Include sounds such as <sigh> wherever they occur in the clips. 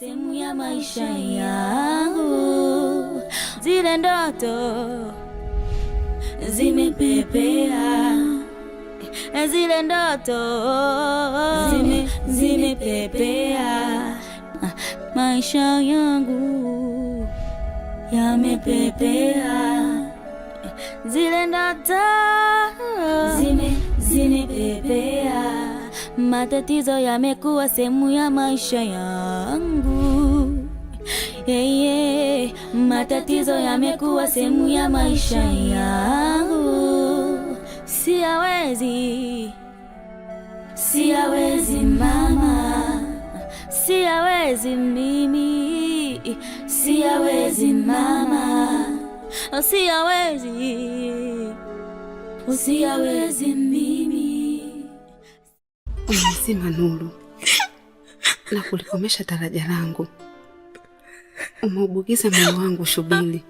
sehemu ya maisha yangu. Zile ndoto zimepepea, zile ndoto zime zimepepea, maisha yangu yamepepea, zile ndoto zime zimepepea, matatizo yamekuwa sehemu ya maisha yangu wangu yeye Matatizo yamekuwa sehemu ya maisha yangu, siyawezi, siyawezi mama, siyawezi mimi, siyawezi mama, siyawezi, siyawezi mimi. Unasema Nuru na kulikomesha taraja langu. Umeubugiza moyo wangu shubili,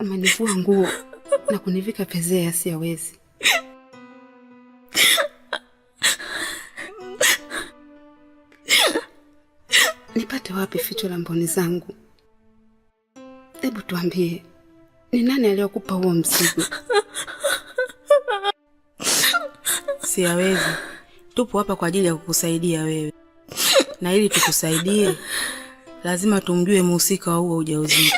umenivua nguo na kunivika pezea siyawezi. Nipate wapi ficho la mboni zangu? Hebu tuambie, ni nani aliyokupa huo mzigo? Siyawezi, tupo hapa kwa ajili ya kukusaidia wewe na ili tukusaidie, lazima tumjue mhusika wa huo ujauzito.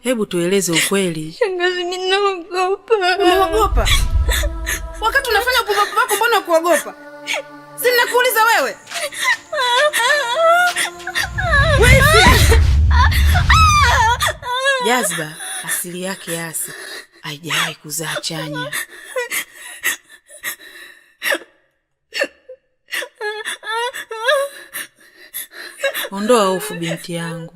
Hebu tueleze ukweli. Shangazi, mimi naogopa. Unaogopa? Wakati unafanya upumbavu wako mbona kuogopa? Si wewe. Wewe. Jazba asili yake asi haijawahi kuzaa chanya. Ondoa hofu binti yangu.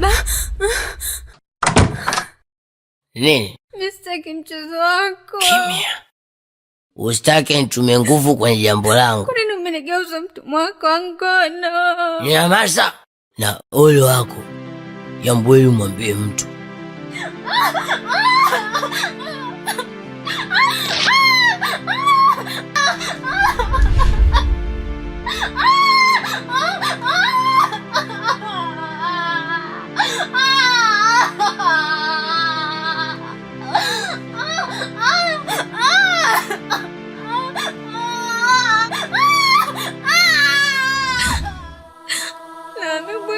baba. Nini? Mistaki mchezo wako. Kimya. Usitake nitumie nguvu kwenye jambo langu. Kwa nini umenigeuza mtumwa wako wa ngono? Nina masa na ole wako, jambo hili umwambie mtu ah! Ah!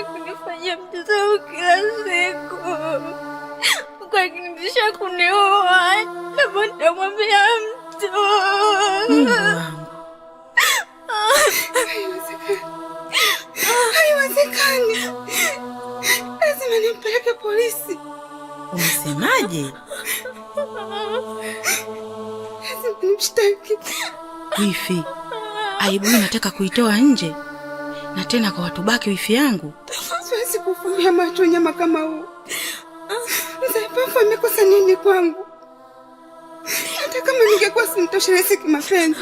kunifanyia mtazamo kila siku, ukanitisha kunioa, labda nitamwambia mtu. Haiwezekani, lazima nimpeleke polisi. Unasemaje? Lazima nimshtaki. Hivi aibu nataka kuitoa nje na tena kwa watu baki. Wifi yangu, siwezi kufumbia macho nyama kama huu. Ah, mzee Pafu amekosa nini kwangu? Hata kama ningekuwa simtoshelezi kimapenzi,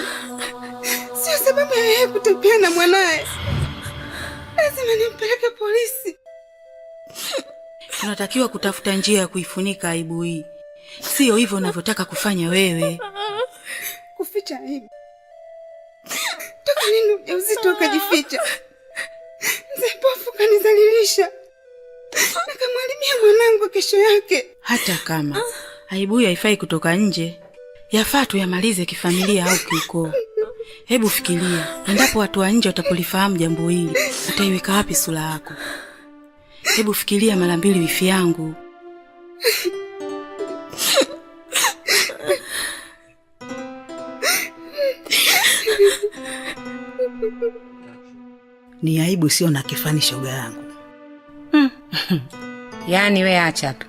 sio sababu ya yeye kutopia na mwanaye. Lazima nimpeleke polisi. Tunatakiwa kutafuta njia ya kuifunika aibu hii, sio hivyo unavyotaka kufanya wewe. Kuficha aibu toka lini ujauzito ukajificha? Mzee Pofu kanizalilisha nakamwalimia mwanangu kesho yake. Hata kama aibu hiyo haifai kutoka nje, yafaa tuyamalize kifamilia au kiukoo. Hebu fikiria, endapo watu wa nje watapolifahamu jambo hili, utaiweka wapi sura yako? Hebu fikiria mara mbili, wifi yangu. Ni aibu sio na kifani, shoga yangu. Hmm. <laughs> Yaani we acha tu,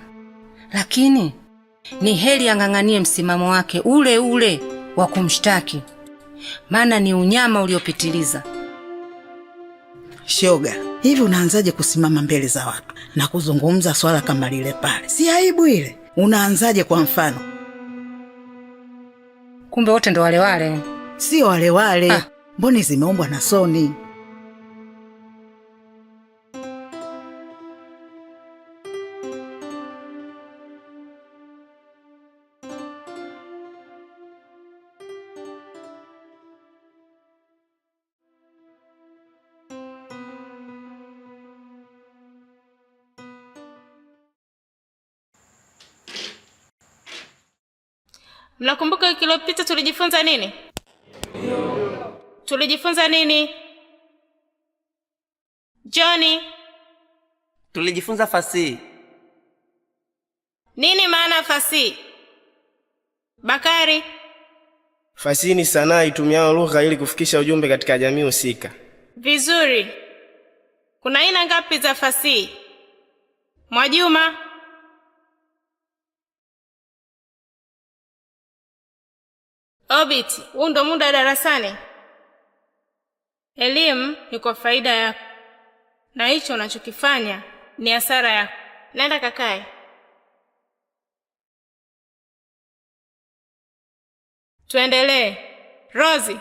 lakini ni heri ang'ang'anie msimamo wake ule ule wa kumshtaki, maana ni unyama uliopitiliza. Shoga, hivi unaanzaje kusimama mbele za watu na kuzungumza swala kama lile pale? Si aibu ile? Unaanzaje kwa mfano? Kumbe wote ndo walewale. Sio walewale, ah. mboni zimeumbwa na soni. Mnakumbuka wiki iliyopita tulijifunza nini? Tulijifunza nini? Johnny, tulijifunza fasihi. Nini maana ya fasihi? Bakari, fasihi ni sanaa itumiayo lugha ili kufikisha ujumbe katika jamii husika. Vizuri. Kuna aina ngapi za fasihi? Mwajuma Obit, huu ndo muda darasani. Elimu ni kwa faida yako, na hicho unachokifanya ni hasara yako. Nenda kakae. Tuendelee. Rozi,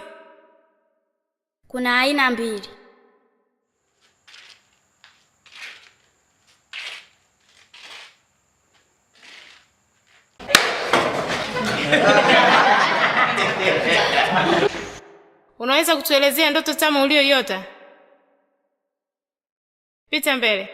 kuna aina mbili. <laughs> Unaweza kutuelezea ndoto tamu uliyoyota Pita mbele.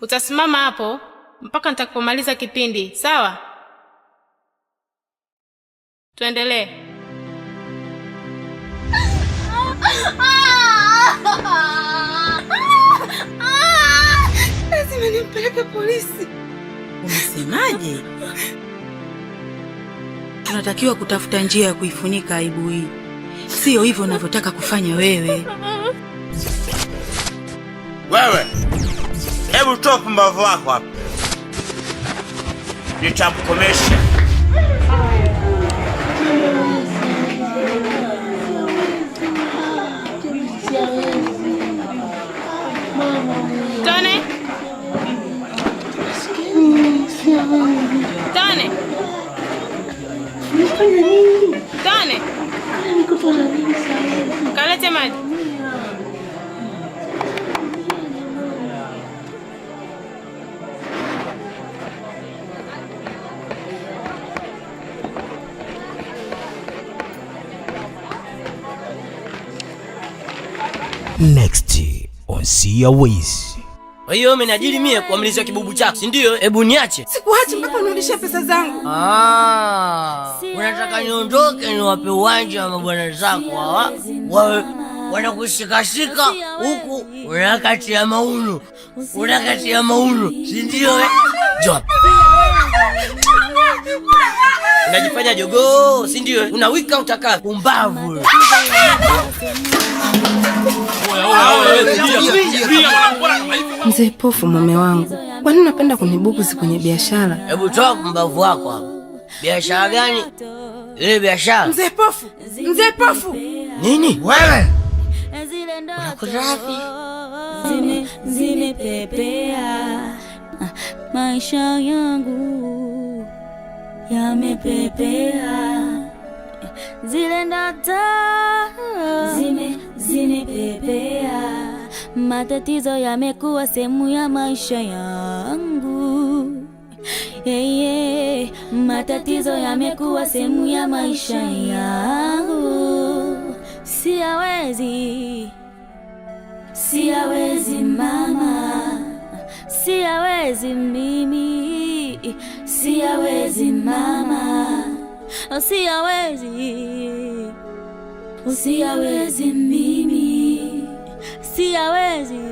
Utasimama hapo mpaka nitakapomaliza kipindi, sawa? Tuendelee. <laughs> Nimpeleke polisi? Unasemaje? Tunatakiwa kutafuta njia ya kuifunika aibu hii, siyo hivyo unavyotaka kufanya wewe. Wewe hebu toa pumbavu wako hapa, nitakukomesha. Tone. Next on Ways. Kwa hiyo umeniajiri mie kwa wa kibubu chako, si ndio? Hebu niache. Sikuache mpaka unirudishie pesa zangu. Ah. Unataka niondoke niwape uwanja wa mabwana zako hawa. Wawe wana wanakushikashika huku, kati ya maulu, unakatia maulu, si ndio? We unajifanya jogoo, si ndio? Unawika utakaa umbavu Mzee Pofu, mume wangu, kwa nini unapenda kunibuguzi kwenye biashara? Hebu toa kumbavu wako hapa. Biashara gani ile biashara? Mzee Pofu, Mzee Pofu nini wewe? zime oh, oh, oh. zimepepea maisha yangu yamepepea, zile ndata zime zimepepea, matatizo yamekuwa sehemu ya maisha yangu yeye Matatizo yamekuwa sehemu ya maisha yangu, siyawezi Siyawezi mama, siyawezi mimi, siyawezi mama, siyawezi, siyawezi mimi, siyawezi,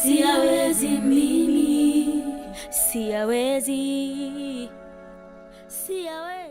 siyawezi mimi, siyawezi, siyawezi